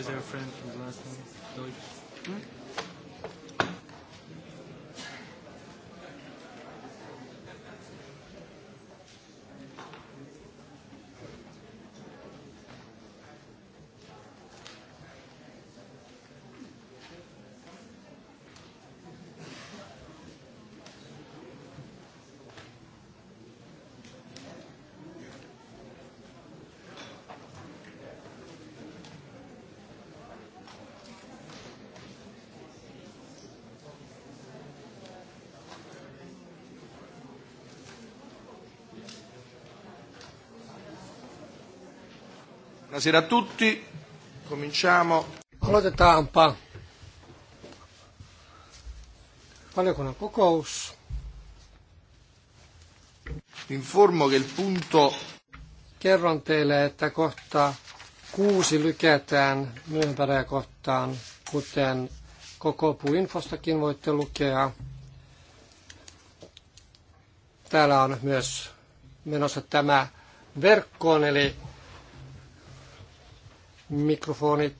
is our friend from the last Buonasera a tutti. Cominciamo. Aloitetaanpa. Valiokunnan Vi Informo che il punto... Kerron teille, että kohta kuusi lykätään myöhempänä kohtaan, kuten koko puinfostakin voitte lukea. Täällä on myös menossa tämä verkkoon, eli mikrofoni,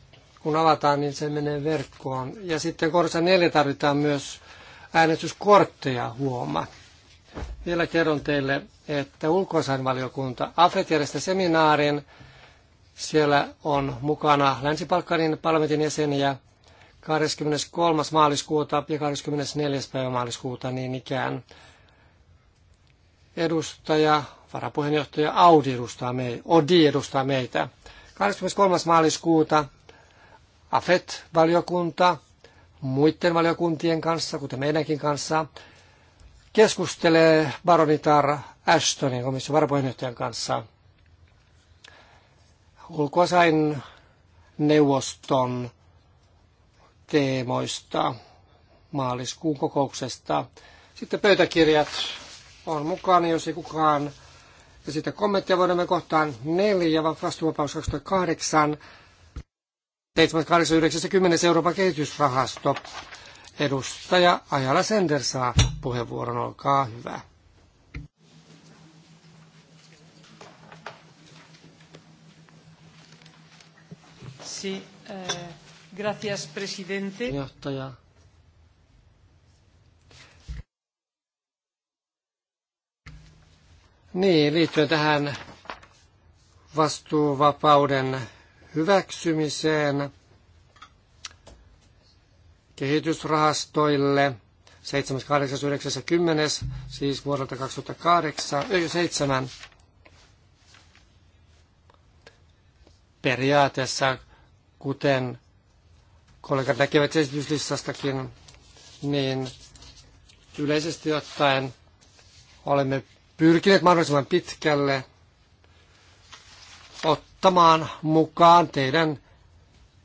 kun avataan, niin se menee verkkoon. Ja sitten kohdassa neljä tarvitaan myös äänestyskortteja huoma. Vielä kerron teille, että ulkoasainvaliokunta AFET järjestää seminaarin. Siellä on mukana länsi parlamentin jäseniä 23. maaliskuuta ja 24. päivä maaliskuuta niin ikään. Edustaja, varapuheenjohtaja Audi edustaa meitä, Odi edustaa meitä. 23. maaliskuuta AFET-valiokunta muiden valiokuntien kanssa, kuten meidänkin kanssa, keskustelee baronitar Ashtonin komission varapuheenjohtajan kanssa ulkoasain neuvoston teemoista maaliskuun kokouksesta. Sitten pöytäkirjat on mukana, jos ei kukaan ja sitten kommentteja voidaan kohtaan 4, vastuuvapaus 2008, 7.8.90 Euroopan kehitysrahasto. Edustaja Ajala Sender saa puheenvuoron, olkaa hyvä. Si, äh, eh, gracias, presidente. Johtaja. Niin, liittyen tähän vastuuvapauden hyväksymiseen kehitysrahastoille 7, 8, 9, 10, siis vuodelta 2008, 7 periaatteessa, kuten kollegat näkevät esityslistastakin, niin yleisesti ottaen olemme pyrkineet mahdollisimman pitkälle ottamaan mukaan teidän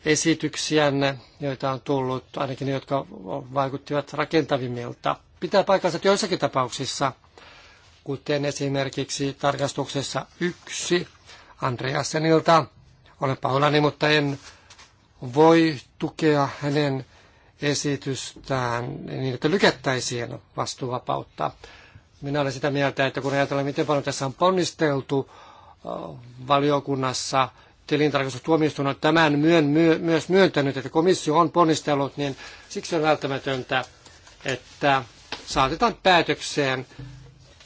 esityksiänne, joita on tullut, ainakin ne, jotka vaikuttivat rakentavimmilta. Pitää paikkansa, joissakin tapauksissa, kuten esimerkiksi tarkastuksessa yksi Andreasenilta, olen pahoillani, mutta en voi tukea hänen esitystään niin, että lykättäisiin vastuuvapautta. Minä olen sitä mieltä, että kun ajatellaan, miten paljon tässä on ponnisteltu äh, valiokunnassa, tilintarkastustuomioistuin on tämän myön, myö, myös myöntänyt, että komissio on ponnistellut, niin siksi on välttämätöntä, että saatetaan päätökseen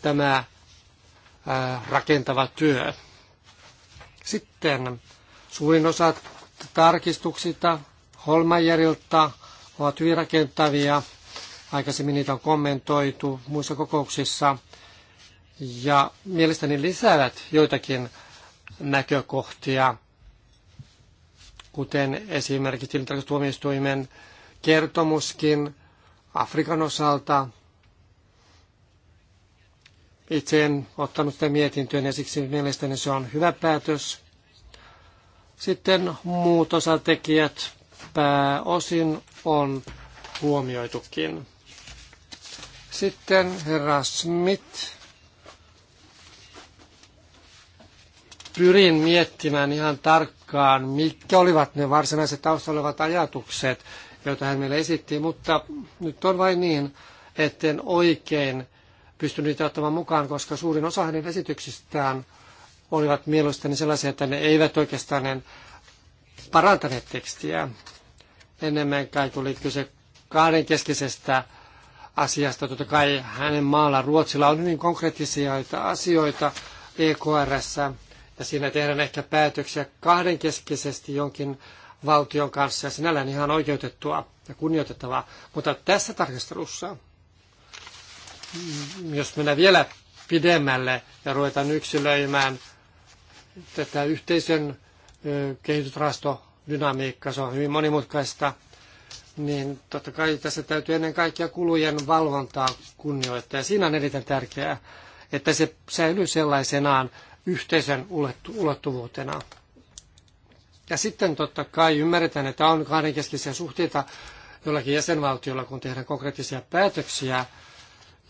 tämä äh, rakentava työ. Sitten suurin osa tarkistuksista Holmajärjeltä ovat hyvin rakentavia Aikaisemmin niitä on kommentoitu muissa kokouksissa ja mielestäni lisäävät joitakin näkökohtia, kuten esimerkiksi tilintarkastustuomioistuimen kertomuskin Afrikan osalta. Itse en ottanut sitä mietintöön ja siksi mielestäni se on hyvä päätös. Sitten muut osatekijät pääosin on huomioitukin. Sitten herra Smith. Pyrin miettimään ihan tarkkaan, mitkä olivat ne varsinaiset taustalla olevat ajatukset, joita hän meille esitti, mutta nyt on vain niin, etten oikein pystynyt ottamaan mukaan, koska suurin osa hänen esityksistään olivat mielestäni sellaisia, että ne eivät oikeastaan parantaneet tekstiä. Enemmän kai tuli kyse kahdenkeskisestä asiasta. Totta kai hänen maalla Ruotsilla on hyvin konkreettisia asioita EKRssä ja siinä tehdään ehkä päätöksiä kahdenkeskisesti jonkin valtion kanssa ja sinällään ihan oikeutettua ja kunnioitettavaa. Mutta tässä tarkastelussa, mm, jos mennään vielä pidemmälle ja ruvetaan yksilöimään tätä yhteisön kehitysrahastodynamiikkaa, se on hyvin monimutkaista – niin totta kai tässä täytyy ennen kaikkea kulujen valvontaa kunnioittaa. Ja siinä on erittäin tärkeää, että se säilyy sellaisenaan yhteisen ulottuvuutena. Ja sitten totta kai ymmärretään, että on kahdenkeskisiä suhteita jollakin jäsenvaltiolla, kun tehdään konkreettisia päätöksiä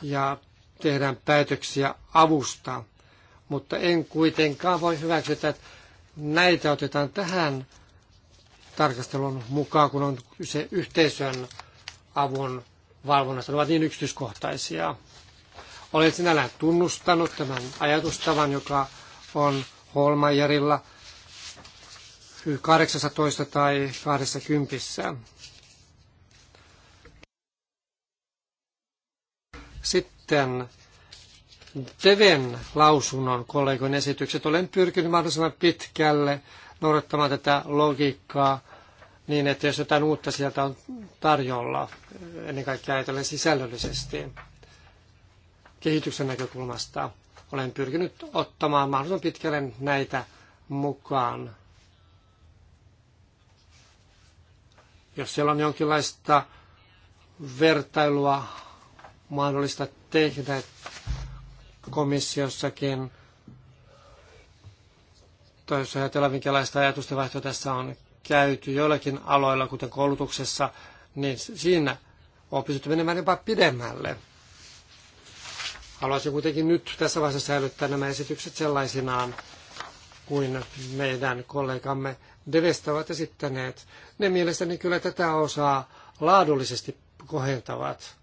ja tehdään päätöksiä avusta. Mutta en kuitenkaan voi hyväksyä, että näitä otetaan tähän tarkastelun mukaan, kun on kyse yhteisön avun valvonnasta. Ne ovat niin yksityiskohtaisia. Olen sinällään tunnustanut tämän ajatustavan, joka on Holmajerilla 18 tai 20. Sitten Teven lausunnon kollegojen esitykset. Olen pyrkinyt mahdollisimman pitkälle noudattamaan tätä logiikkaa, niin, että jos jotain uutta sieltä on tarjolla, ennen kaikkea ajatellen sisällöllisesti kehityksen näkökulmasta, olen pyrkinyt ottamaan mahdollisimman pitkälle näitä mukaan. Jos siellä on jonkinlaista vertailua mahdollista tehdä komissiossakin, tai jos ajatellaan, minkälaista ajatustenvaihtoa tässä on käyty joillakin aloilla, kuten koulutuksessa, niin siinä on pystytty menemään jopa pidemmälle. Haluaisin kuitenkin nyt tässä vaiheessa säilyttää nämä esitykset sellaisinaan kuin meidän kollegamme Devestä ovat esittäneet. Ne mielestäni kyllä tätä osaa laadullisesti kohentavat.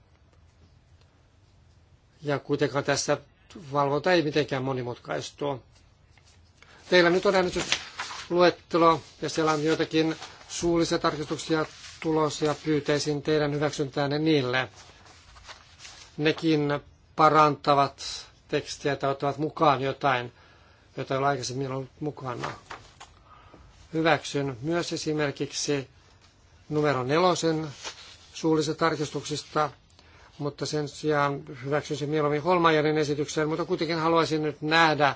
Ja kuitenkaan tässä valvonta ei mitenkään monimutkaistu. Teillä nyt on äänestys luettelo ja siellä on joitakin suullisia tarkistuksia tulos ja pyytäisin teidän hyväksyntäänne niille. Nekin parantavat tekstiä tai ottavat mukaan jotain, jota ei ole aikaisemmin ollut mukana. Hyväksyn myös esimerkiksi numero nelosen suullisista tarkistuksista, mutta sen sijaan hyväksyisin mieluummin Holmajarin esityksen, mutta kuitenkin haluaisin nyt nähdä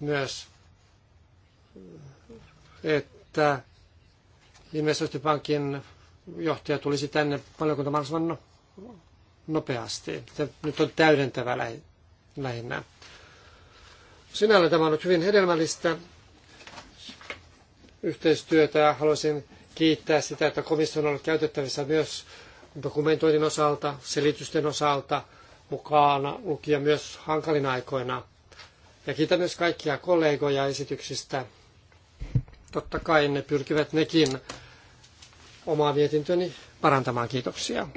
myös että investointipankin johtaja tulisi tänne valiokunta mahdollisimman no- nopeasti. nyt on täydentävä lähinnä. Sinällä tämä on ollut hyvin hedelmällistä yhteistyötä ja haluaisin kiittää sitä, että komissio on ollut käytettävissä myös dokumentoinnin osalta, selitysten osalta, mukaan lukia myös hankalina aikoina. Ja kiitän myös kaikkia kollegoja esityksistä Totta kai ne pyrkivät nekin omaa mietintöni parantamaan. Kiitoksia.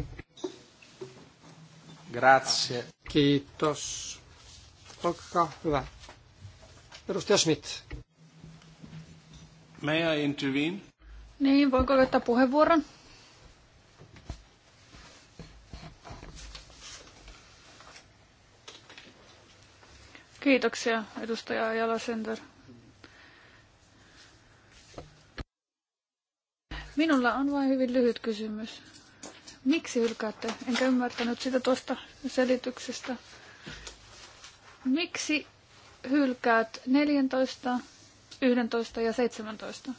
Grazie. Kiitos. Olkaa hyvä. Edustaja Schmidt. May I intervene? Niin, voinko ottaa puheenvuoron? Kiitoksia, edustaja Jalasenter. Minulla on vain hyvin lyhyt kysymys. Miksi hylkäätte? Enkä ymmärtänyt sitä tuosta selityksestä. Miksi hylkäät 14, 11 ja 17?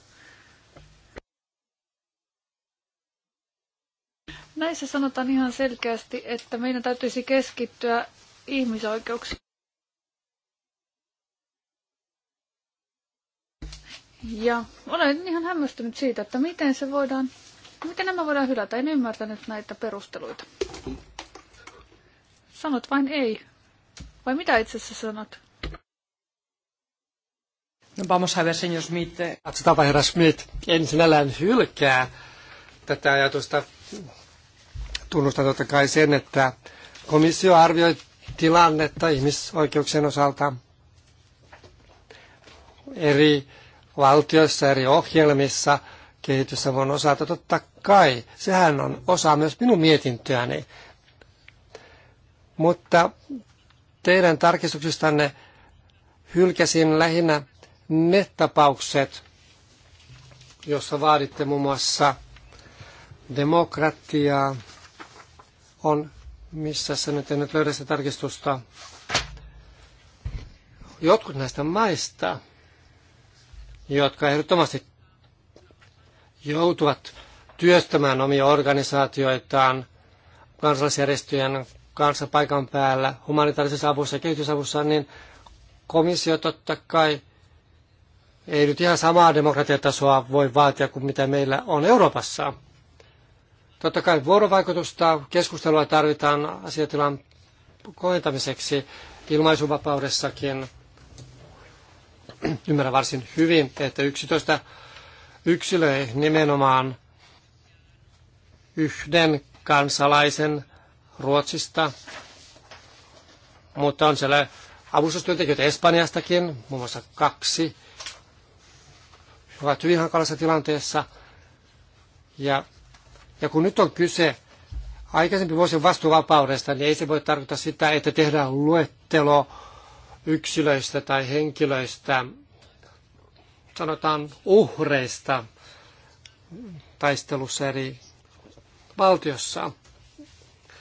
Näissä sanotaan ihan selkeästi, että meidän täytyisi keskittyä ihmisoikeuksiin. Ja olen ihan hämmästynyt siitä, että miten se voidaan, miten nämä voidaan hylätä. En ymmärtänyt näitä perusteluita. Sanot vain ei. Vai mitä itse asiassa sanot? No vamos a ver, señor Smith. Katsotaanpa, herra Smith. En sinällään hylkää tätä ajatusta. Tunnustan totta kai sen, että komissio arvioi tilannetta ihmisoikeuksien osalta eri valtioissa, eri ohjelmissa kehitysavun osalta. Totta kai, sehän on osa myös minun mietintöäni. Mutta teidän tarkistuksistanne hylkäsin lähinnä ne tapaukset, jossa vaaditte muun muassa demokratiaa, on, missä se nyt en nyt löydä sitä tarkistusta, jotkut näistä maista jotka ehdottomasti joutuvat työstämään omia organisaatioitaan kansalaisjärjestöjen kanssa paikan päällä humanitaarisessa avussa ja kehitysavussa, niin komissio totta kai ei nyt ihan samaa demokratiatasoa voi vaatia kuin mitä meillä on Euroopassa. Totta kai vuorovaikutusta, keskustelua tarvitaan asiatilan kohentamiseksi ilmaisuvapaudessakin – Ymmärrän varsin hyvin, että 11 yksilö ei nimenomaan yhden kansalaisen Ruotsista, mutta on siellä avustustyöntekijöitä Espanjastakin, muun muassa kaksi, ovat hyvin hankalassa tilanteessa. Ja, ja kun nyt on kyse aikaisempi vuosien vastuuvapaudesta, niin ei se voi tarkoittaa sitä, että tehdään luettelo yksilöistä tai henkilöistä, sanotaan uhreista taistelussa eri valtiossa.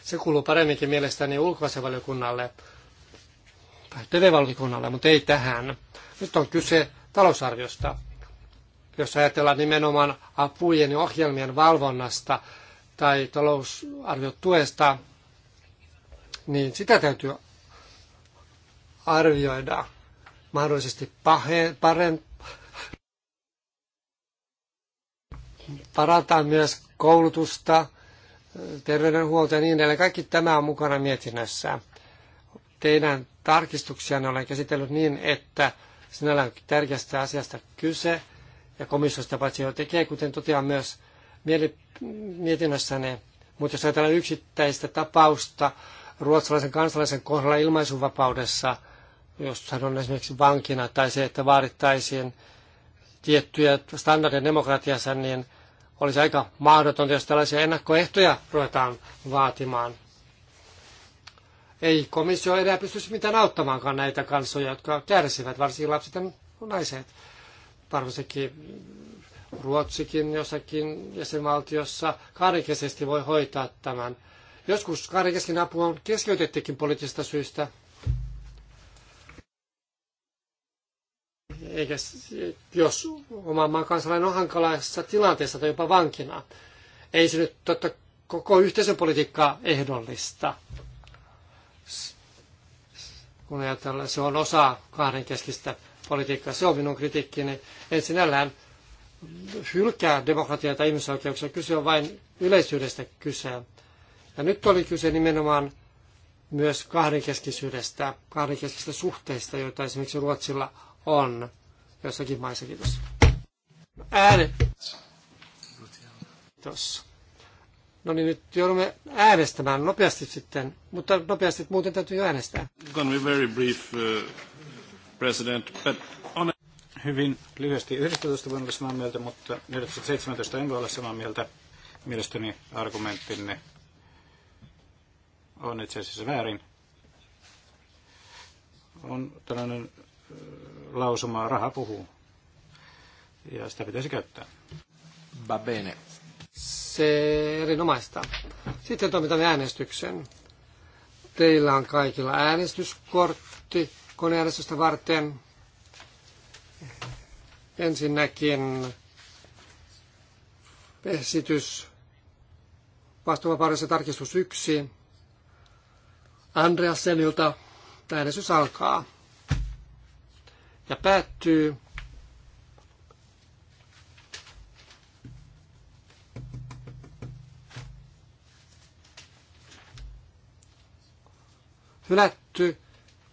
Se kuuluu paremminkin mielestäni ulkoasevaliokunnalle tai TV-valiokunnalle, mutta ei tähän. Nyt on kyse talousarviosta. Jos ajatellaan nimenomaan apujen ja ohjelmien valvonnasta tai talousarviotuesta, niin sitä täytyy arvioida mahdollisesti pahe, paren, parantaa myös koulutusta, terveydenhuolto ja niin edelleen. Kaikki tämä on mukana mietinnössä. Teidän tarkistuksianne olen käsitellyt niin, että sinällä on tärkeästä asiasta kyse, ja komissiosta paitsi jo tekee, kuten toteaa myös mietinnössäne. Mutta jos ajatellaan yksittäistä tapausta ruotsalaisen kansalaisen kohdalla ilmaisuvapaudessa – jos hän on esimerkiksi vankina, tai se, että vaadittaisiin tiettyjä standardeja demokratiassa, niin olisi aika mahdotonta, jos tällaisia ennakkoehtoja ruvetaan vaatimaan. Ei komissio enää pystyisi mitään auttamaankaan näitä kansoja, jotka kärsivät, varsinkin lapset ja naiset. Varsinkin Ruotsikin jossakin jäsenvaltiossa karikesesti voi hoitaa tämän. Joskus karikeskin apu on keskeytettykin poliittisista syistä, eikä jos oman maan kansalainen on hankalaisessa tilanteessa tai jopa vankina. Ei se nyt totta koko yhteisön politiikkaa ehdollista. Kun ajatellaan, se on osa kahdenkeskistä politiikkaa. Se on minun kritiikkini. En sinällään hylkää demokratiaa tai ihmisoikeuksia. Kyse on vain yleisyydestä kyse. Ja nyt oli kyse nimenomaan myös kahdenkeskisyydestä, kahdenkeskisistä suhteista, joita esimerkiksi Ruotsilla on jossakin maissa. Kiitos. Ääne. Kiitos. No niin, nyt joudumme äänestämään nopeasti sitten, mutta nopeasti muuten täytyy jo äänestää. Brief, uh, on... Hyvin lyhyesti 19 voin olla samaa mieltä, mutta 17 en voi olla samaa mieltä. Mielestäni argumenttinne on itse asiassa väärin. On tällainen lausumaa Raha puhuu. Ja sitä pitäisi käyttää. Va bene. Se erinomaista. Sitten toimitamme äänestyksen. Teillä on kaikilla äänestyskortti koneäänestystä varten. Ensinnäkin esitys vastuuvapaudessa tarkistus 1. Senilta. äänestys alkaa ja päättyy. Hylätty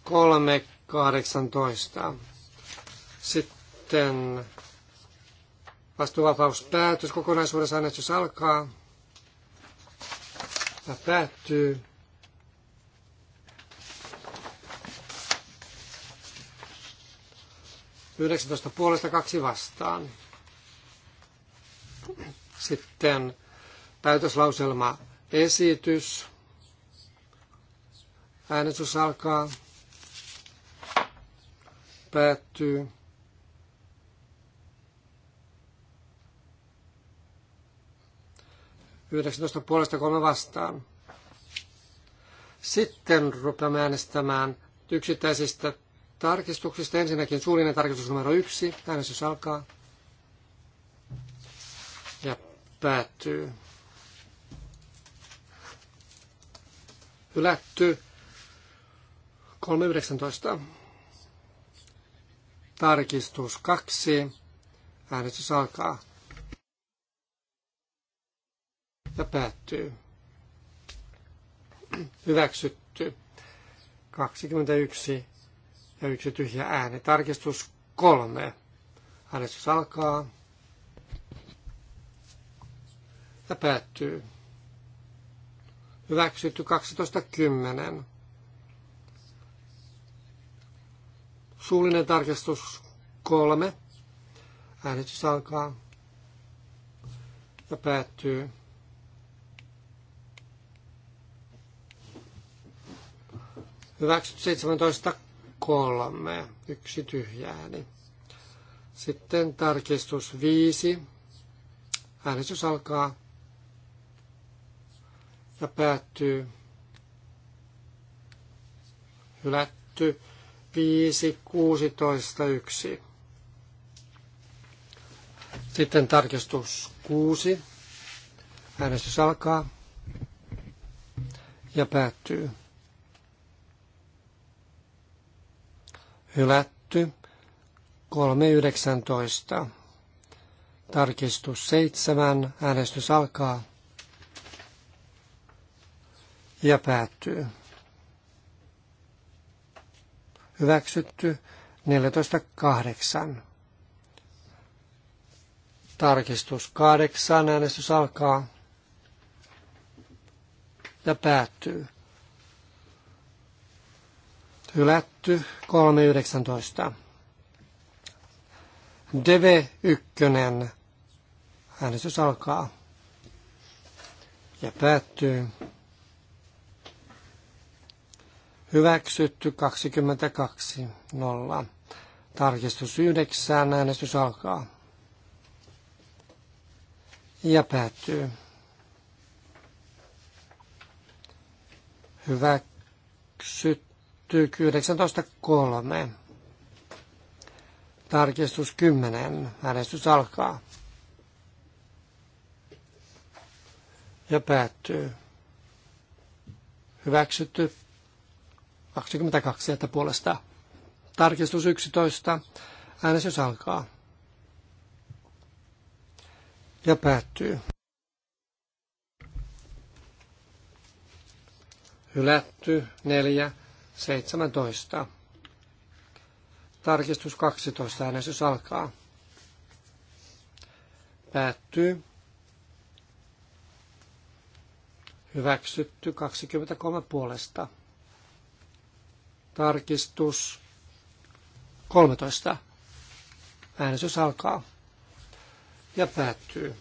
3.18. Sitten vastuuvapauspäätös kokonaisuudessa annettu alkaa ja päättyy. 19 puolesta kaksi vastaan. Sitten päätöslauselma esitys. Äänestys alkaa. Päättyy. Yhdeksäntoista puolesta kolme vastaan. Sitten rupeamme äänestämään yksittäisistä tarkistuksista. Ensinnäkin suullinen tarkistus numero yksi. Äänestys alkaa. Ja päättyy. Hylätty. 3.19. Tarkistus 2. Äänestys alkaa. Ja päättyy. Hyväksytty. 21 ja yksi tyhjä ääni. Tarkistus kolme. Äänestys alkaa ja päättyy. Hyväksytty 12.10. Suullinen tarkistus kolme. Äänestys alkaa ja päättyy. Hyväksytty 17 kolme, yksi tyhjä Sitten tarkistus viisi. Äänestys alkaa ja päättyy. Hylätty viisi, kuusitoista, yksi Sitten tarkistus kuusi Äänestys alkaa ja päättyy. hylätty. 3.19. Tarkistus 7. Äänestys alkaa ja päättyy. Hyväksytty 14.8. Tarkistus 8. Äänestys alkaa ja päättyy hylätty 3.19. DV1. Äänestys alkaa ja päättyy. Hyväksytty 22. 0. Tarkistus 9. Äänestys alkaa ja päättyy. Hyväksytty hyväksytty 19.3. Tarkistus 10. Äänestys alkaa. Ja päättyy. Hyväksytty 22 että puolesta. Tarkistus 11. Äänestys alkaa. Ja päättyy. Hylätty 4 17. Tarkistus 12. Äänestys alkaa. Päättyy. Hyväksytty 23 puolesta. Tarkistus 13. Äänestys alkaa ja päättyy.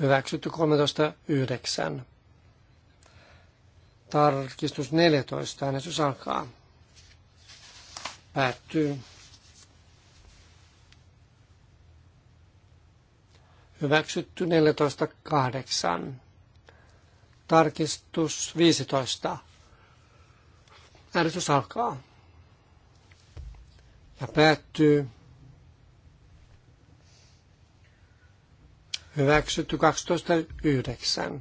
Hyväksytty 13 13.9. Tarkistus 14. Äänestys alkaa. Päättyy. Hyväksytty 14 14.8. Tarkistus 15. Äänestys alkaa. Ja päättyy. hyväksytty 12.9.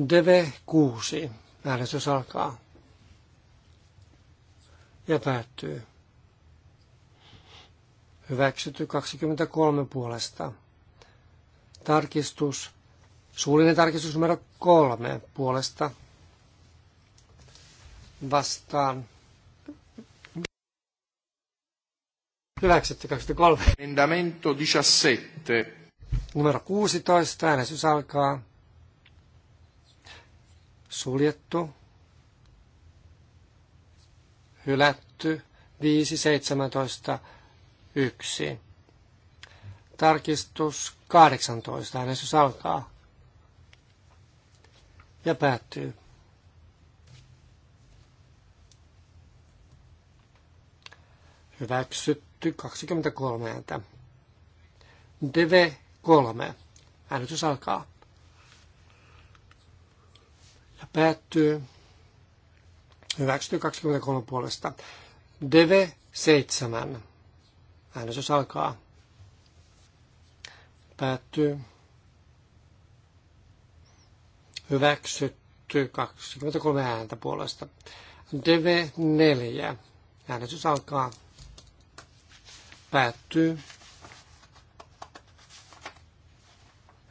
DV6, äänestys alkaa ja päättyy. Hyväksytty 23 puolesta. Tarkistus, suullinen tarkistus numero 3 puolesta. Vastaan Hyväksytty Emendamento 17. Numero 16. Äänestys alkaa. Suljettu. Hylätty. 5, 17, 1. Tarkistus 18. Äänestys alkaa. Ja päättyy. Hyväksytty hylätty 23 ääntä. Deve 3. Äänestys alkaa. Ja päättyy. Hyväksytty 23 puolesta. Deve 7. Äänestys alkaa. Päättyy. Hyväksytty 23 ääntä puolesta. Deve 4. Äänestys alkaa. Päättyy.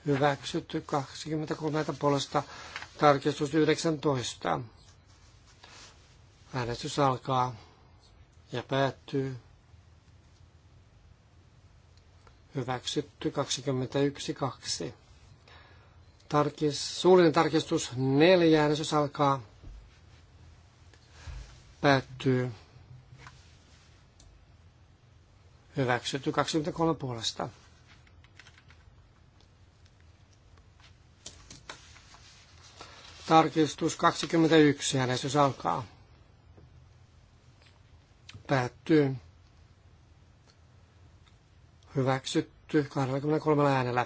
Hyväksytty 23 puolesta tarkistus 19. Äänestys alkaa ja päättyy. Hyväksytty 21 2. Tarkis, suullinen tarkistus 4. Äänestys alkaa. Päättyy. Hyväksytty 23 puolesta. Tarkistus 21, äänestys alkaa. Päättyy. Hyväksytty 23 äänellä.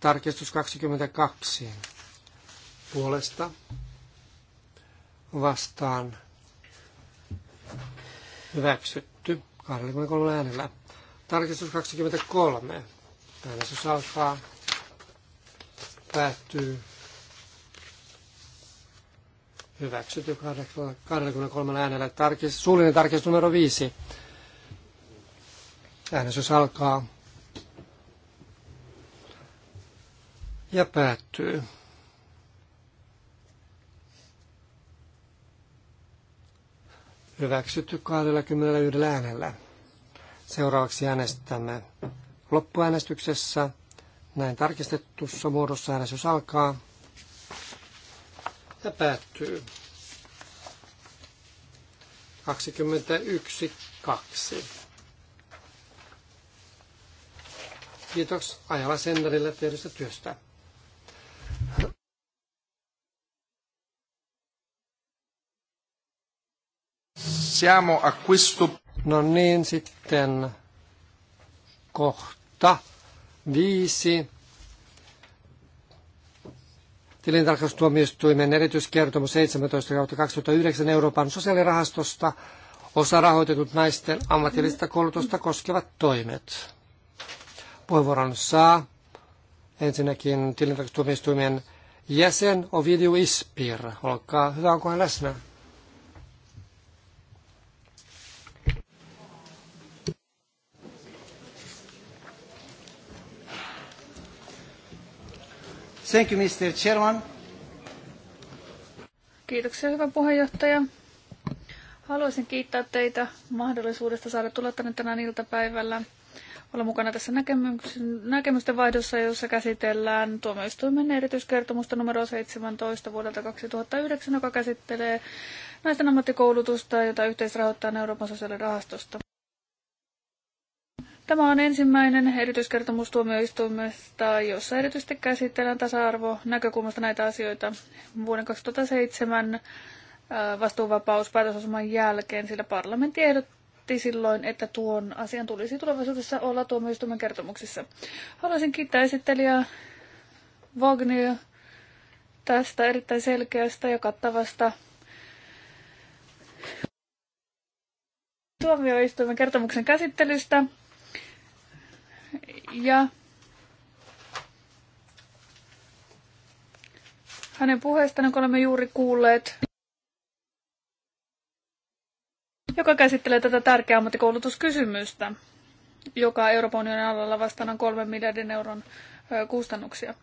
Tarkistus 22. Puolesta vastaan hyväksytty 23 äänellä. Tarkistus 23. Äänestys alkaa. Päättyy. Hyväksytty 23 äänellä. Tarkistus, suullinen tarkistus numero 5. Äänestys alkaa. Ja päättyy. Hyväksytty 21 äänellä. Seuraavaksi äänestämme loppuäänestyksessä. Näin tarkistetussa muodossa äänestys alkaa ja päättyy. 21, 2. Kiitos Ajala Senderille tehdystä työstä. Siamo a questo No niin, sitten kohta viisi. Tilintarkastustuomioistuimen erityiskertomus 17 2009 Euroopan sosiaalirahastosta osa rahoitetut naisten ammatillista koulutusta koskevat toimet. Puheenvuoron saa ensinnäkin tilintarkastustuomioistuimen jäsen Ovidiu Ispir. Olkaa hyvä, onko hän läsnä? Thank you, Mr. Chairman. Kiitoksia, hyvä puheenjohtaja. Haluaisin kiittää teitä mahdollisuudesta saada tulla tänne tänään iltapäivällä. Olla mukana tässä näkemysten vaihdossa, jossa käsitellään tuomioistuimen erityiskertomusta numero 17 vuodelta 2009, joka käsittelee naisten ammattikoulutusta, jota yhteisrahoittaa Euroopan sosiaalirahastosta. Tämä on ensimmäinen erityiskertomus tuomioistuimesta, jossa erityisesti käsitellään tasa-arvo näkökulmasta näitä asioita vuoden 2007 äh, vastuuvapauspäätösosaman jälkeen, sillä parlamentti ehdotti silloin, että tuon asian tulisi tulevaisuudessa olla tuomioistuimen kertomuksissa. Haluaisin kiittää esittelijä Wagner tästä erittäin selkeästä ja kattavasta tuomioistuimen kertomuksen käsittelystä. Ja hänen puheestaan, jonka olemme juuri kuulleet, joka käsittelee tätä tärkeää ammattikoulutuskysymystä, joka Euroopan unionin alalla vastaan kolme miljardin euron kustannuksia.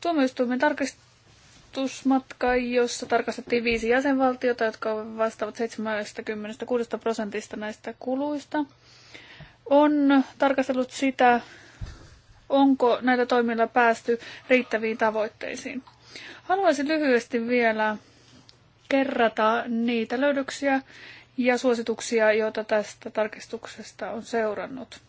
Tuomioistuimen tarkistusmatka, jossa tarkastettiin viisi jäsenvaltiota, jotka vastaavat 76 prosentista näistä kuluista on tarkastellut sitä, onko näitä toimilla päästy riittäviin tavoitteisiin. Haluaisin lyhyesti vielä kerrata niitä löydöksiä ja suosituksia, joita tästä tarkistuksesta on seurannut.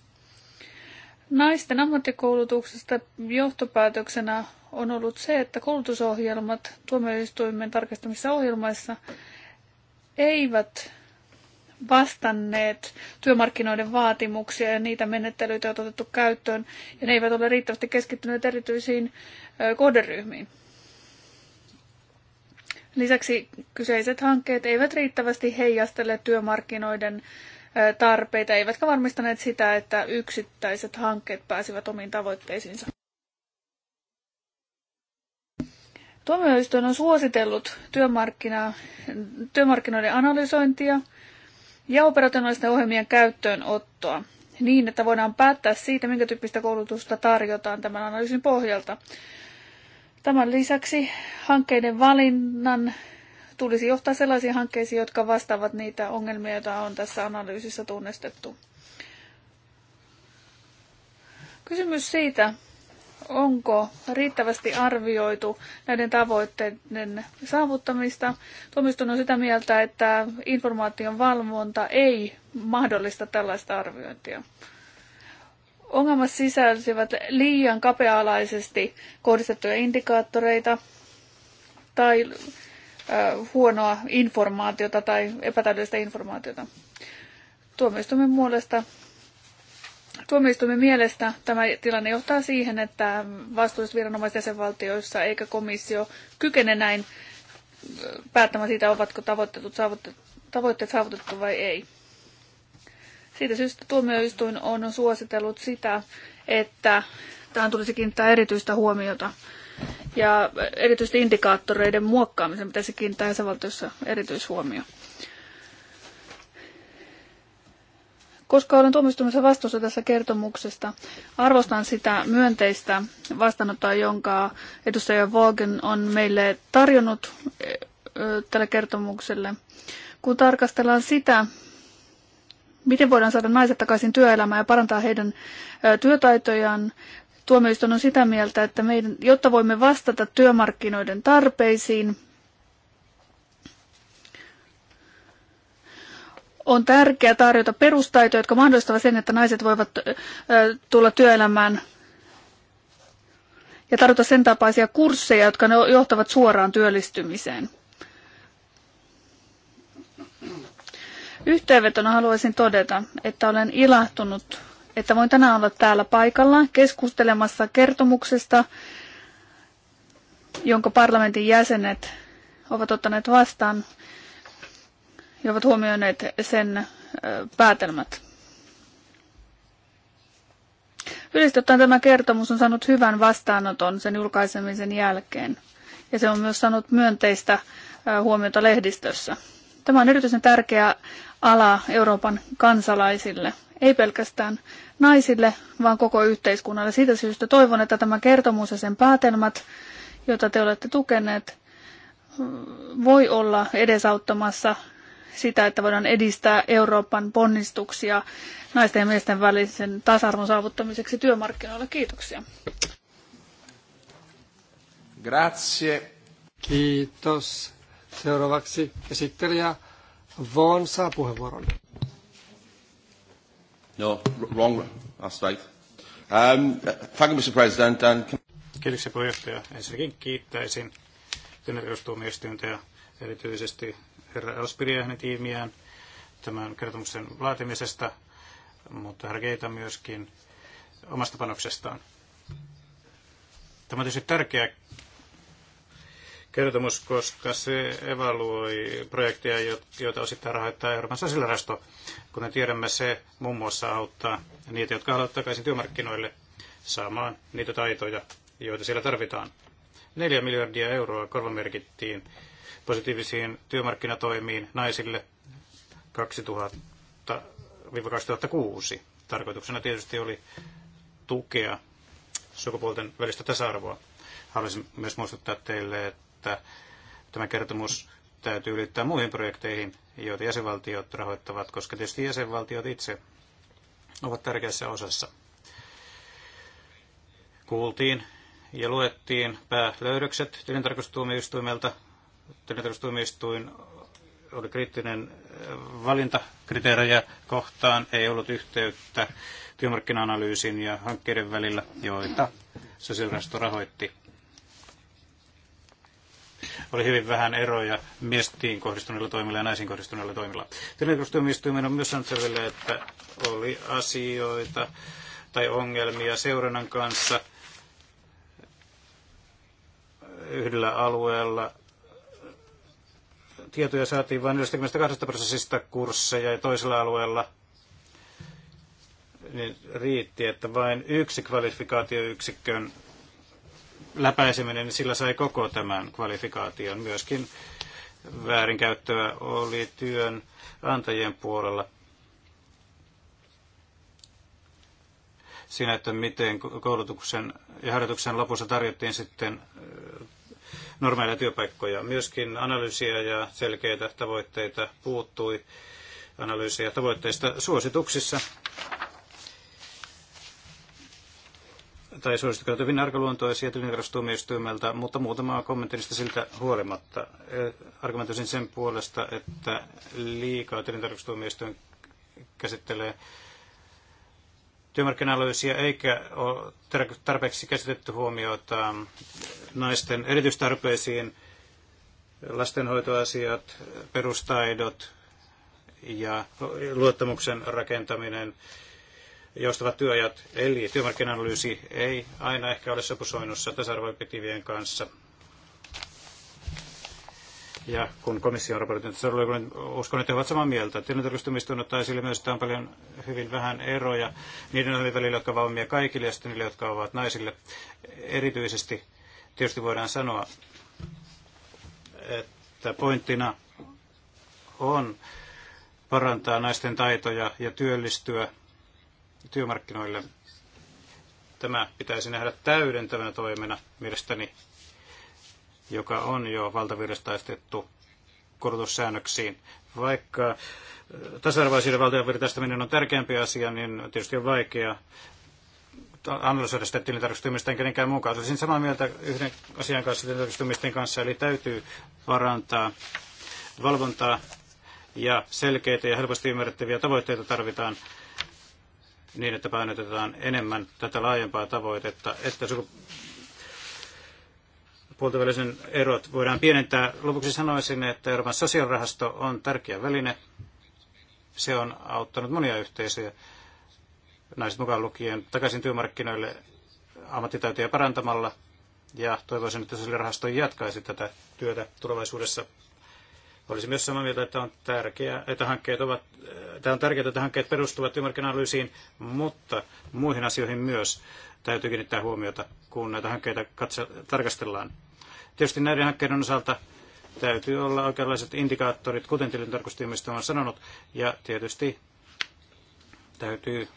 Naisten ammattikoulutuksesta johtopäätöksenä on ollut se, että koulutusohjelmat tuomioistuimen tarkistamissa ohjelmaissa eivät vastanneet työmarkkinoiden vaatimuksia ja niitä menettelyitä on otettu käyttöön, ja ne eivät ole riittävästi keskittyneet erityisiin kohderyhmiin. Lisäksi kyseiset hankkeet eivät riittävästi heijastele työmarkkinoiden tarpeita, eivätkä varmistaneet sitä, että yksittäiset hankkeet pääsivät omiin tavoitteisiinsa. Tuomioistuin on suositellut työmarkkina, työmarkkinoiden analysointia ja operationaalisten ohjelmien käyttöönottoa niin, että voidaan päättää siitä, minkä tyyppistä koulutusta tarjotaan tämän analyysin pohjalta. Tämän lisäksi hankkeiden valinnan tulisi johtaa sellaisiin hankkeisiin, jotka vastaavat niitä ongelmia, joita on tässä analyysissä tunnistettu. Kysymys siitä, onko riittävästi arvioitu näiden tavoitteiden saavuttamista. Tuomioistuin on sitä mieltä, että informaation valvonta ei mahdollista tällaista arviointia. Ongelmat sisälsivät liian kapealaisesti kohdistettuja indikaattoreita tai huonoa informaatiota tai epätäydellistä informaatiota. Tuomioistuimen puolesta Tuomioistuimen mielestä tämä tilanne johtaa siihen, että vastuulliset viranomaiset jäsenvaltioissa eikä komissio kykene näin päättämään siitä, ovatko tavoitteet saavutettu vai ei. Siitä syystä tuomioistuin on suositellut sitä, että tähän tulisi kiinnittää erityistä huomiota. Ja erityisesti indikaattoreiden muokkaamisen pitäisi kiinnittää jäsenvaltiossa erityishuomio. koska olen tuomistumisen vastuussa tässä kertomuksesta. Arvostan sitä myönteistä vastaanottoa, jonka edustaja Vogen on meille tarjonnut eh, eh, tälle kertomukselle. Kun tarkastellaan sitä, miten voidaan saada naiset takaisin työelämään ja parantaa heidän eh, työtaitojaan, tuomioistuin on sitä mieltä, että meidän, jotta voimme vastata työmarkkinoiden tarpeisiin, on tärkeää tarjota perustaitoja, jotka mahdollistavat sen, että naiset voivat tulla työelämään ja tarjota sen tapaisia kursseja, jotka ne johtavat suoraan työllistymiseen. Yhteenvetona haluaisin todeta, että olen ilahtunut, että voin tänään olla täällä paikalla keskustelemassa kertomuksesta, jonka parlamentin jäsenet ovat ottaneet vastaan ja ovat huomioineet sen päätelmät. Yleisesti ottaen tämä kertomus on saanut hyvän vastaanoton sen julkaisemisen jälkeen ja se on myös saanut myönteistä huomiota lehdistössä. Tämä on erityisen tärkeä ala Euroopan kansalaisille, ei pelkästään naisille, vaan koko yhteiskunnalle. Siitä syystä toivon, että tämä kertomus ja sen päätelmät, joita te olette tukeneet, voi olla edesauttamassa sitä, että voidaan edistää Euroopan ponnistuksia naisten ja miesten välisen tasa-arvon saavuttamiseksi työmarkkinoilla. Kiitoksia. Grazie. Kiitos. Seuraavaksi esittelijä Von saa puheenvuoron. No, wrong. That's right. Um, thank you, Mr. President. And... Kiitoksia puheenjohtaja. Ensinnäkin kiittäisin työnäköistuomioistuinta ja erityisesti herra Elspiri ja hänen tiimiään tämän kertomuksen laatimisesta, mutta herra Geita myöskin omasta panoksestaan. Tämä on tietysti tärkeä kertomus, koska se evaluoi projekteja, joita osittain rahoittaa Euroopan sosiaalirasto. Kuten tiedämme, se muun muassa auttaa niitä, jotka haluavat takaisin työmarkkinoille saamaan niitä taitoja, joita siellä tarvitaan. Neljä miljardia euroa korvamerkittiin positiivisiin työmarkkinatoimiin naisille 2000-2006. Tarkoituksena tietysti oli tukea sukupuolten välistä tasa-arvoa. Haluaisin myös muistuttaa teille, että tämä kertomus täytyy ylittää muihin projekteihin, joita jäsenvaltiot rahoittavat, koska tietysti jäsenvaltiot itse ovat tärkeässä osassa. Kuultiin ja luettiin päälöydökset tilintarkastustuomioistuimelta tilintarkastustuomioistuin oli kriittinen äh, valintakriteerejä kohtaan, ei ollut yhteyttä työmarkkina-analyysin ja hankkeiden välillä, joita sosiaalirahasto rahoitti. Oli hyvin vähän eroja miestiin kohdistuneilla toimilla ja naisiin kohdistuneilla toimilla. Tilintarkastustuomioistuimen on myös sanonut selville, että oli asioita tai ongelmia seurannan kanssa yhdellä alueella – tietoja saatiin vain 92 prosessista kursseja ja toisella alueella niin riitti, että vain yksi kvalifikaatioyksikön läpäiseminen, niin sillä sai koko tämän kvalifikaation. Myöskin väärinkäyttöä oli työn antajien puolella. Siinä, että miten koulutuksen ja harjoituksen lopussa tarjottiin sitten normaaleja työpaikkoja. Myöskin analyysiä ja selkeitä tavoitteita puuttui analyysiä tavoitteista suosituksissa. tai suositukset hyvin arkaluontoisia tilintarkastustuomioistuimelta, mutta muutama kommentti niistä siltä huolimatta. E, argumentoisin sen puolesta, että liikaa tilintarkastustuomioistuin käsittelee työmarkkina eikä ole tarpeeksi käsitetty huomiota naisten erityistarpeisiin, lastenhoitoasiat, perustaidot ja luottamuksen rakentaminen, joustavat työajat. Eli työmarkkina ei aina ehkä ole sopusoinnussa tasa-arvoipitivien kanssa ja kun komission raportin niin raportoinut, uskon, että he ovat samaa mieltä. on ottaa esille myös, että on paljon hyvin vähän eroja niiden ohjelmien välillä, jotka ovat omia kaikille ja sitten niille, jotka ovat naisille. Erityisesti tietysti voidaan sanoa, että pointtina on parantaa naisten taitoja ja työllistyä työmarkkinoille. Tämä pitäisi nähdä täydentävänä toimena mielestäni joka on jo valtavirtaistettu korotussäännöksiin. Vaikka äh, tasa-arvoisuuden valtavirtaistaminen on tärkeämpi asia, niin tietysti on vaikea analysoida sitä enkä kenenkään mukaan. Olisin samaa mieltä yhden asian kanssa tilintarkastumisten kanssa, eli täytyy parantaa valvontaa ja selkeitä ja helposti ymmärrettäviä tavoitteita tarvitaan niin, että painotetaan enemmän tätä laajempaa tavoitetta, että puolten erot voidaan pienentää. Lopuksi sanoisin, että Euroopan sosiaalirahasto on tärkeä väline. Se on auttanut monia yhteisöjä, naiset mukaan lukien, takaisin työmarkkinoille ammattitaitoja parantamalla. Ja toivoisin, että sosiaalirahasto jatkaisi tätä työtä tulevaisuudessa. Olisin myös samaa mieltä, että on tärkeää, että hankkeet ovat, että on tärkeää, että hankkeet perustuvat työmarkkinaanalyysiin, mutta muihin asioihin myös täytyy kiinnittää huomiota, kun näitä hankkeita katse, tarkastellaan. Tietysti näiden hankkeiden osalta täytyy olla oikeanlaiset indikaattorit, kuten tilintarkastustiimistä on sanonut, ja tietysti täytyy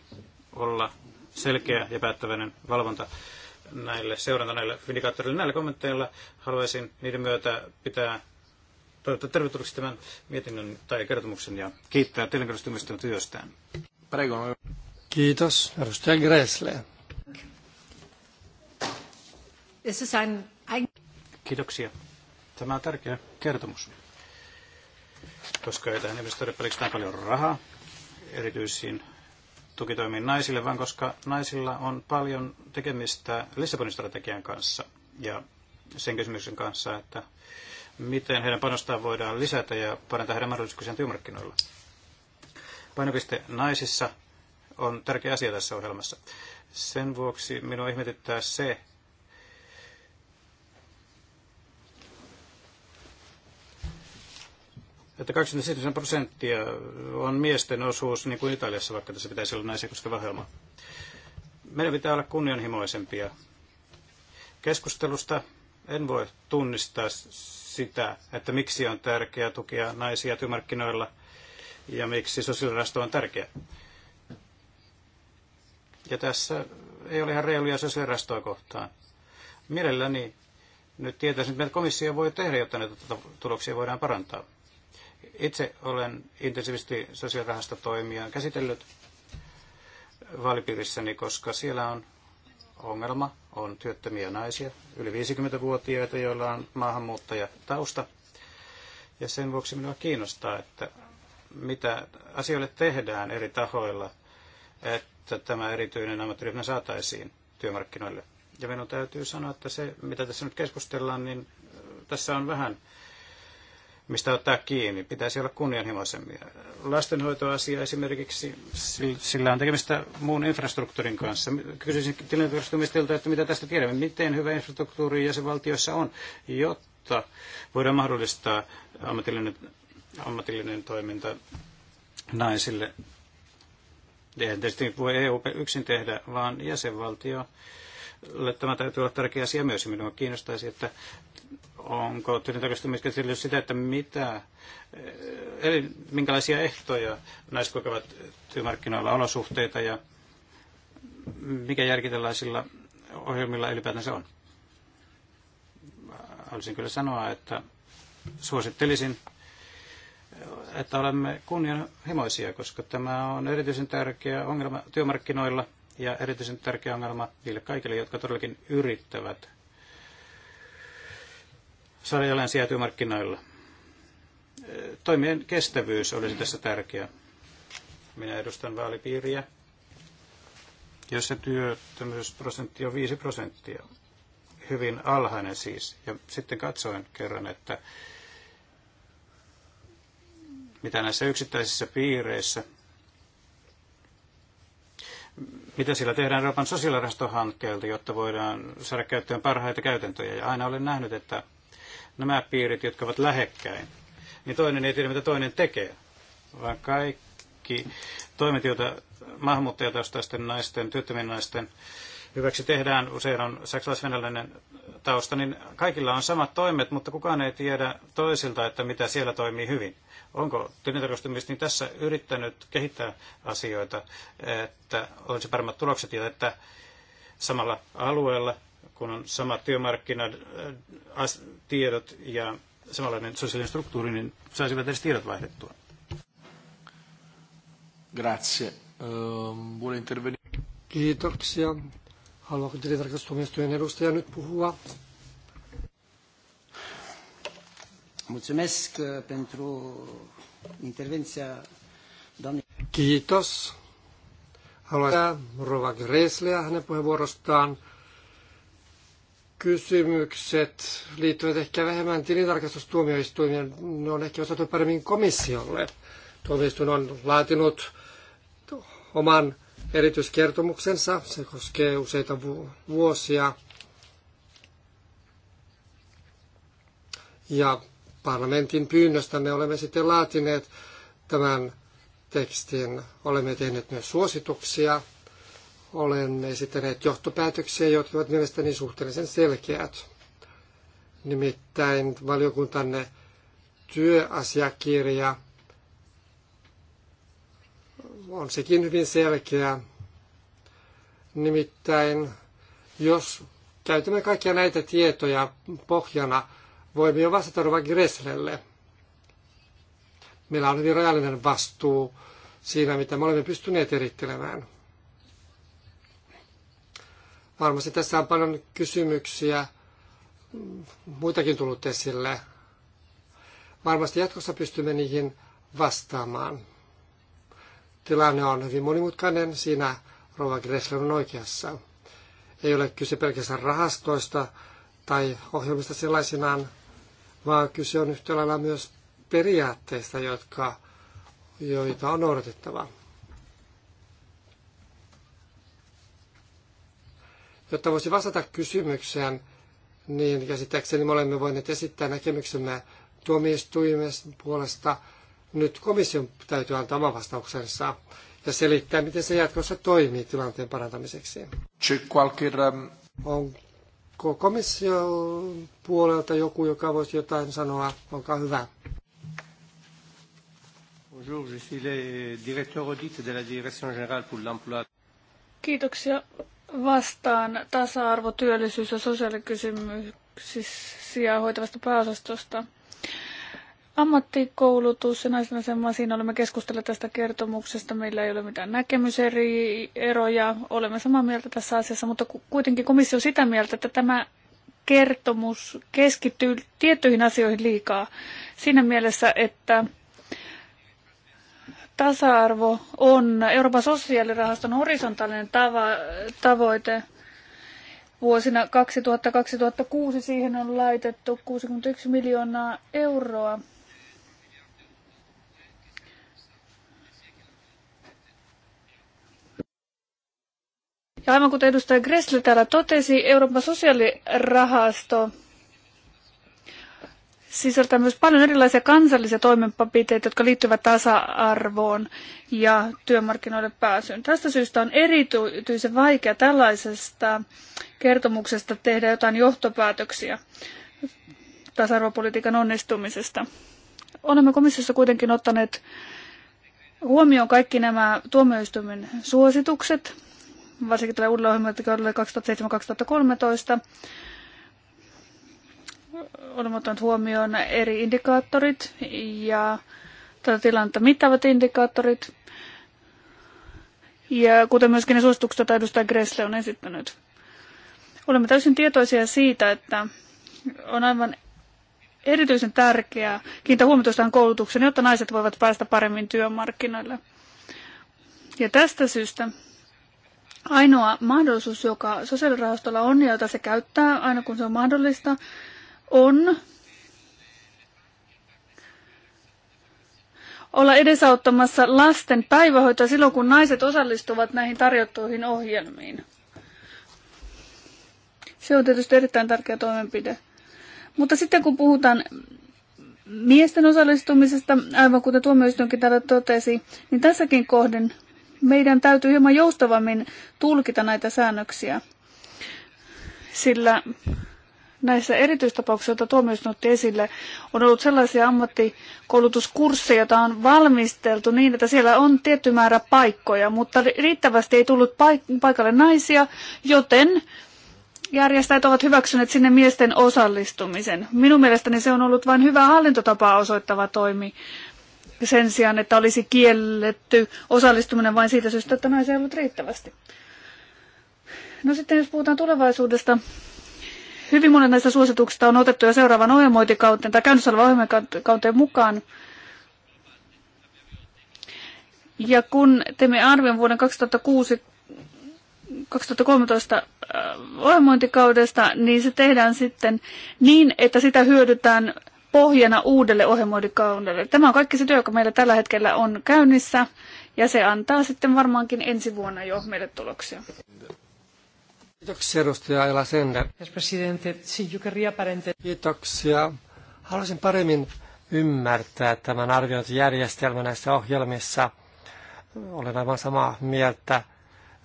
olla selkeä ja päättäväinen valvonta näille seuranta näille indikaattoreille. Näillä kommentteilla haluaisin niiden myötä pitää toivottaa tervetulleeksi tämän mietinnön tai kertomuksen ja kiittää tilintarkastustiimista työstään. Prego. Kiitos. Edustaja Gressle. Es ist ein Kiitoksia. Tämä on tärkeä kertomus, koska ei tähän investoida pelkästään paljon rahaa erityisiin tukitoimiin naisille, vaan koska naisilla on paljon tekemistä Lissabonin strategian kanssa ja sen kysymyksen kanssa, että miten heidän panostaan voidaan lisätä ja parantaa heidän mahdollisuuksiaan työmarkkinoilla. Painopiste naisissa on tärkeä asia tässä ohjelmassa. Sen vuoksi minua ihmetyttää se, että 27 prosenttia on miesten osuus, niin kuin Italiassa, vaikka tässä pitäisi olla naisia koskeva ohjelma. Meidän pitää olla kunnianhimoisempia. Keskustelusta en voi tunnistaa sitä, että miksi on tärkeää tukea naisia työmarkkinoilla ja miksi sosiaalirahasto on tärkeä. Ja tässä ei ole ihan reiluja sosiaalirahastoa kohtaan. Mielelläni nyt tietäisin, että komissio voi tehdä, jotta näitä tuloksia voidaan parantaa. Itse olen intensiivisesti sosiaalirahastotoimia käsitellyt vaalipiirissäni, koska siellä on ongelma, on työttömiä naisia, yli 50-vuotiaita, joilla on maahanmuuttajatausta. Ja sen vuoksi minua kiinnostaa, että mitä asioille tehdään eri tahoilla, että tämä erityinen ammattiryhmä saataisiin työmarkkinoille. Ja minun täytyy sanoa, että se, mitä tässä nyt keskustellaan, niin tässä on vähän mistä ottaa kiinni. Pitäisi olla kunnianhimoisemmin. Lastenhoitoasia esimerkiksi, sillä on tekemistä muun infrastruktuurin kanssa. Kysyisin tilintarkastumistelta, että mitä tästä tiedämme, miten hyvä infrastruktuuri jäsenvaltioissa on, jotta voidaan mahdollistaa ammatillinen, ammatillinen toiminta naisille. Eihän tietysti voi EU yksin tehdä, vaan jäsenvaltio. Tämä täytyy olla tärkeä asia myös, minua kiinnostaisi, että onko tilintarkastamiskäsittely sitä, että mitä, eh, eli minkälaisia ehtoja naiset kokevat työmarkkinoilla olosuhteita ja mikä järki tällaisilla ohjelmilla ylipäätänsä on? Haluaisin kyllä sanoa, että suosittelisin, että olemme kunnianhimoisia, koska tämä on erityisen tärkeä ongelma työmarkkinoilla ja erityisen tärkeä ongelma niille kaikille, jotka todellakin yrittävät sarjalleen sijaitui työmarkkinoilla eh, Toimien kestävyys olisi tässä tärkeä. Minä edustan vaalipiiriä, jossa työttömyysprosentti on 5 prosenttia. Hyvin alhainen siis. Ja sitten katsoin kerran, että mitä näissä yksittäisissä piireissä, mitä sillä tehdään Euroopan sosiaalirahastohankkeelta, jotta voidaan saada käyttöön parhaita käytäntöjä. Ja aina olen nähnyt, että nämä piirit, jotka ovat lähekkäin, niin toinen ei tiedä, mitä toinen tekee, vaan kaikki toimet, joita maahanmuuttajataustaisten naisten, työttömien naisten hyväksi tehdään, usein on saksalais-venäläinen tausta, niin kaikilla on samat toimet, mutta kukaan ei tiedä toisilta, että mitä siellä toimii hyvin. Onko tilintarkastusmies niin tässä yrittänyt kehittää asioita, että olisi paremmat tulokset ja että samalla alueella kun on sama työmarkkinatiedot äh, ja samanlainen sosiaalinen struktuuri, niin saisivat edes tiedot vaihdettua. Grazie. Ehm, vuole intervenire? Kiitoksia. Haluaako tilintarkastustuomioistuimen edustaja nyt puhua? Mulțumesc eh, pentru intervenția doamnei. Kiitos. Haluan Rova Gresleä hänen puheenvuorostaan kysymykset liittyvät ehkä vähemmän tilintarkastustuomioistuimien, ne on ehkä osattu paremmin komissiolle. Tuomioistuin on laatinut oman erityiskertomuksensa, se koskee useita vuosia. Ja parlamentin pyynnöstä me olemme sitten laatineet tämän tekstin. Olemme tehneet myös suosituksia olen esittäneet johtopäätöksiä, jotka ovat mielestäni suhteellisen selkeät. Nimittäin valiokuntanne työasiakirja on sekin hyvin selkeä. Nimittäin jos käytämme kaikkia näitä tietoja pohjana, voimme jo vastata Rova Greslelle. Meillä on hyvin rajallinen vastuu siinä, mitä me olemme pystyneet erittelemään. Varmasti tässä on paljon kysymyksiä, muitakin tullut esille. Varmasti jatkossa pystymme niihin vastaamaan. Tilanne on hyvin monimutkainen, siinä Rova Gressler on oikeassa. Ei ole kyse pelkästään rahastoista tai ohjelmista sellaisinaan, vaan kyse on yhtä lailla myös periaatteista, jotka, joita on odotettava. Jotta voisi vastata kysymykseen, niin käsittääkseni me olemme voineet esittää näkemyksemme tuomioistuimen puolesta. Nyt komission täytyy antaa oma vastauksensa ja selittää, miten se jatkossa toimii tilanteen parantamiseksi. Onko komission puolelta joku, joka voisi jotain sanoa? Olkaa hyvä. Bonjour, je suis le directeur audit de la Direction Générale pour l'Emploi. Kiitoksia vastaan tasa-arvo, työllisyys ja sosiaalikysymyksiä hoitavasta pääosastosta. Ammattikoulutus ja naisen asema, siinä olemme keskustelleet tästä kertomuksesta. Meillä ei ole mitään näkemyseroja, olemme samaa mieltä tässä asiassa, mutta kuitenkin komissio on sitä mieltä, että tämä kertomus keskittyy tiettyihin asioihin liikaa. Siinä mielessä, että tasa-arvo on Euroopan sosiaalirahaston horisontaalinen tava- tavoite. Vuosina 2000-2006 siihen on laitettu 61 miljoonaa euroa. Ja aivan kuten edustaja Gressle täällä totesi, Euroopan sosiaalirahasto sisältää myös paljon erilaisia kansallisia toimenpiteitä, jotka liittyvät tasa-arvoon ja työmarkkinoille pääsyyn. Tästä syystä on erityisen vaikea tällaisesta kertomuksesta tehdä jotain johtopäätöksiä tasa-arvopolitiikan onnistumisesta. Olemme komissiossa kuitenkin ottaneet huomioon kaikki nämä tuomioistuimen suositukset, varsinkin tällä uudella ohjelmalla 2007-2013, on ottanut huomioon eri indikaattorit ja tätä tilannetta mittavat indikaattorit. Ja kuten myöskin ne suositukset, joita edustaja Gressle on esittänyt. Olemme täysin tietoisia siitä, että on aivan erityisen tärkeää kiinnittää huomiota tähän koulutukseen, jotta naiset voivat päästä paremmin työmarkkinoille. Ja tästä syystä ainoa mahdollisuus, joka sosiaalirahastolla on ja jota se käyttää aina kun se on mahdollista, on olla edesauttamassa lasten päivähoitoa silloin, kun naiset osallistuvat näihin tarjottuihin ohjelmiin. Se on tietysti erittäin tärkeä toimenpide. Mutta sitten kun puhutaan miesten osallistumisesta, aivan kuten tuomioistuinkin täällä totesi, niin tässäkin kohden meidän täytyy hieman joustavammin tulkita näitä säännöksiä. Sillä näissä erityistapauksissa, joita tuomioistuin otti esille, on ollut sellaisia ammattikoulutuskursseja, joita on valmisteltu niin, että siellä on tietty määrä paikkoja, mutta riittävästi ei tullut paik- paikalle naisia, joten järjestäjät ovat hyväksyneet sinne miesten osallistumisen. Minun mielestäni se on ollut vain hyvää hallintotapaa osoittava toimi sen sijaan, että olisi kielletty osallistuminen vain siitä syystä, että naisia ei ollut riittävästi. No sitten jos puhutaan tulevaisuudesta, Hyvin monet näistä suosituksista on otettu jo seuraavan ohjelmointikauteen tai käynnissä olevan ohjelmointikauteen mukaan. Ja kun teemme arvion vuoden 2006 2013 äh, ohjelmointikaudesta, niin se tehdään sitten niin, että sitä hyödytään pohjana uudelle ohjelmointikaudelle. Tämä on kaikki se työ, joka meillä tällä hetkellä on käynnissä, ja se antaa sitten varmaankin ensi vuonna jo meille tuloksia. Kiitoksia, edustaja Sender. Kiitoksia. Haluaisin paremmin ymmärtää tämän arviointijärjestelmän näissä ohjelmissa. Olen aivan samaa mieltä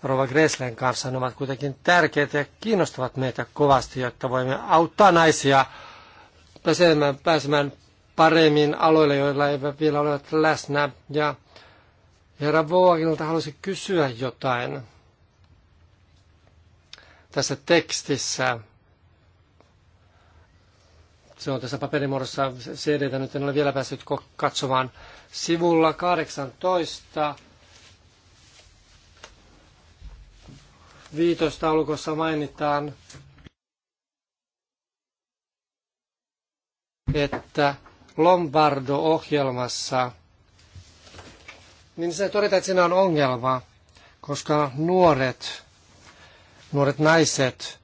Rova Greslen kanssa. Ne ovat kuitenkin tärkeitä ja kiinnostavat meitä kovasti, jotta voimme auttaa naisia pääsemään, pääsemään paremmin aloille, joilla ei vielä ole läsnä. Ja herra Voagilta haluaisin kysyä jotain tässä tekstissä. Se on tässä paperimuodossa cd nyt en ole vielä päässyt katsomaan. Sivulla 18 viitostaulukossa mainitaan, että Lombardo-ohjelmassa, niin se todetaan, että siinä on ongelma, koska nuoret nuoret naiset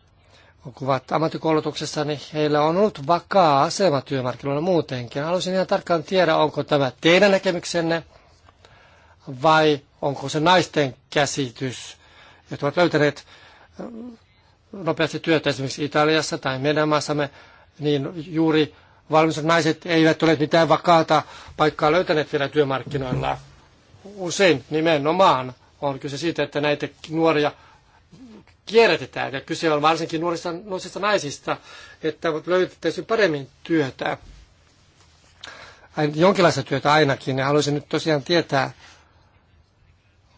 ovat ammattikoulutuksessa, niin heillä on ollut vakaa asema työmarkkinoilla muutenkin. Haluaisin ihan tarkkaan tiedä, onko tämä teidän näkemyksenne vai onko se naisten käsitys, että ovat löytäneet äh, nopeasti työtä esimerkiksi Italiassa tai meidän maassamme, niin juuri valmistuneet naiset eivät ole mitään vakaata paikkaa löytäneet vielä työmarkkinoilla. Usein nimenomaan on kyse siitä, että näitä nuoria kierrätetään, ja kyse on varsinkin nuorista, nuorista naisista, että löytäisiin paremmin työtä. Jonkinlaista työtä ainakin, ja haluaisin nyt tosiaan tietää,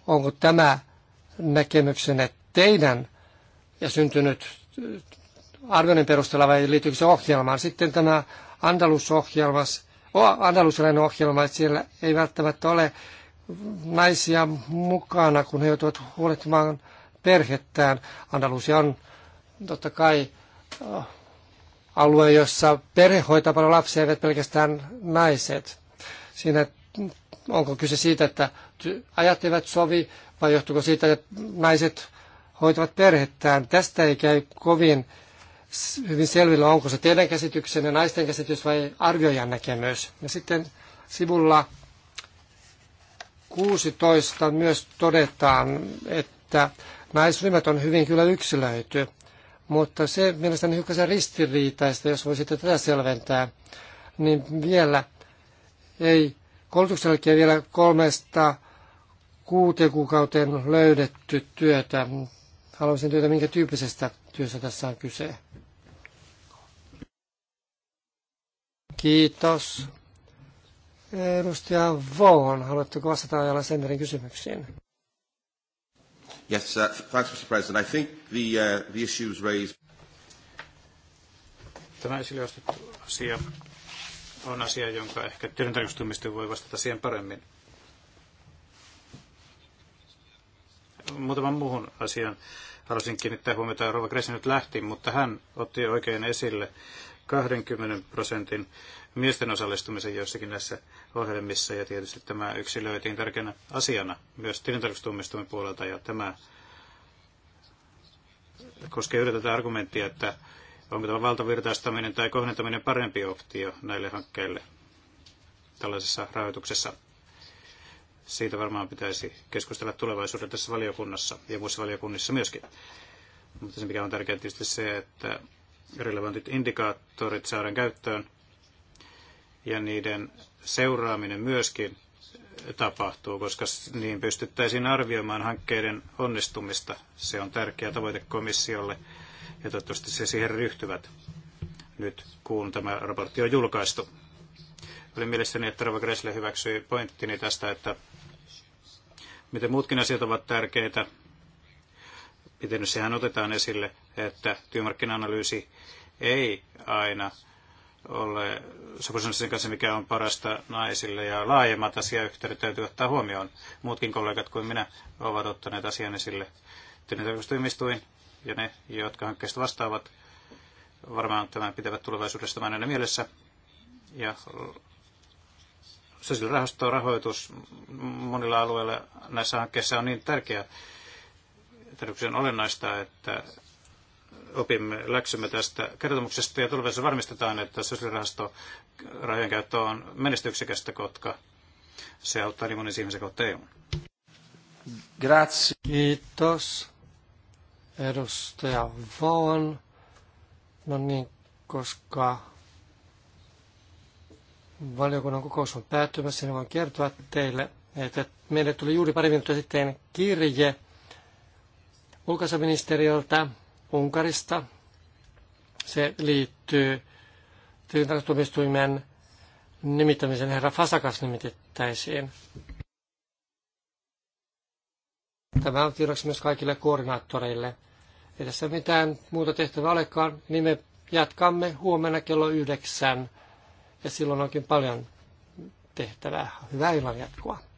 onko tämä näkemyksenne teidän ja syntynyt arvioinnin perusteella vai liittyykö se ohjelmaan. Sitten tämä Andalus-ohjelmas, Andalusilainen ohjelma, että siellä ei välttämättä ole naisia mukana, kun he joutuvat huolehtimaan perhettään. Andalusia on totta kai äh, alue, jossa perhe hoitaa paljon lapsia, eivät pelkästään naiset. Siinä onko kyse siitä, että ajat eivät sovi, vai johtuuko siitä, että naiset hoitavat perhettään. Tästä ei käy kovin hyvin selvillä, onko se teidän käsityksenne, naisten käsitys vai arvioijan näkemys. Ja sitten sivulla 16 myös todetaan, että Naisryhmät on hyvin kyllä yksilöity, mutta se mielestäni hiukkasen ristiriitaista, jos voisitte tätä selventää, niin vielä ei koulutuksen jälkeen vielä kolmesta kuuteen kuukauteen löydetty työtä. Haluaisin työtä, minkä tyyppisestä työssä tässä on kyse. Kiitos. Edustaja Vaughan, haluatteko vastata ajalla Senderin kysymyksiin? Yes, uh, thanks, Mr. President. I think the, uh, the issues raised... Tämä esille ostettu asia on asia, jonka ehkä tilintarkastumisti voi vastata siihen paremmin. Muutaman muuhun asian halusin kiinnittää huomiota. Rova Kressi nyt lähti, mutta hän otti oikein esille 20 prosentin miesten osallistumisen joissakin näissä ohjelmissa, ja tietysti tämä yksilöitiin tärkeänä asiana myös tilintarkastustuomioistuimen puolelta, ja tämä koskee yritetään tätä argumenttia, että onko tämä valtavirtaistaminen tai kohdentaminen parempi optio näille hankkeille tällaisessa rahoituksessa. Siitä varmaan pitäisi keskustella tulevaisuudessa tässä valiokunnassa ja muissa valiokunnissa myöskin. Mutta se mikä on tärkeää tietysti se, että relevantit indikaattorit saadaan käyttöön ja niiden seuraaminen myöskin tapahtuu, koska niin pystyttäisiin arvioimaan hankkeiden onnistumista. Se on tärkeä tavoite komissiolle ja toivottavasti se siihen ryhtyvät nyt, kun tämä raportti on julkaistu. Oli mielestäni, että Rava Gressle hyväksyi pointtini tästä, että miten muutkin asiat ovat tärkeitä, sehän otetaan esille, että työmarkkina-analyysi ei aina ole sopimus sen kanssa, mikä on parasta naisille, ja laajemmat asiayhteydet täytyy ottaa huomioon. Muutkin kollegat kuin minä ovat ottaneet asian esille. Työntökustuimistuin ja ne, jotka hankkeesta vastaavat, varmaan tämän pitävät tulevaisuudesta vain aina mielessä. Ja sosiaalirahasto monilla alueilla näissä hankkeissa on niin tärkeää. Tarkoitus on olennaista, että opimme, läksymme tästä kertomuksesta ja tulevaisuudessa varmistetaan, että sosiaalirahasto rahojen käyttö on menestyksekästä, koska se auttaa niin monen ihmisen kautta EU. Grazie. Kiitos. Edustaja Vaan. No niin, koska valiokunnan kokous on päättymässä, niin voin kertoa teille, että meille tuli juuri pari minuuttia sitten kirje ulkoasiaministeriöltä Unkarista. Se liittyy tilintarkastustuomioistuimen nimittämisen herra Fasakas nimitettäisiin. Tämä on tiedoksi myös kaikille koordinaattoreille. Ei tässä mitään muuta tehtävää olekaan, niin me jatkamme huomenna kello yhdeksän ja silloin onkin paljon tehtävää. Hyvää illan jatkoa.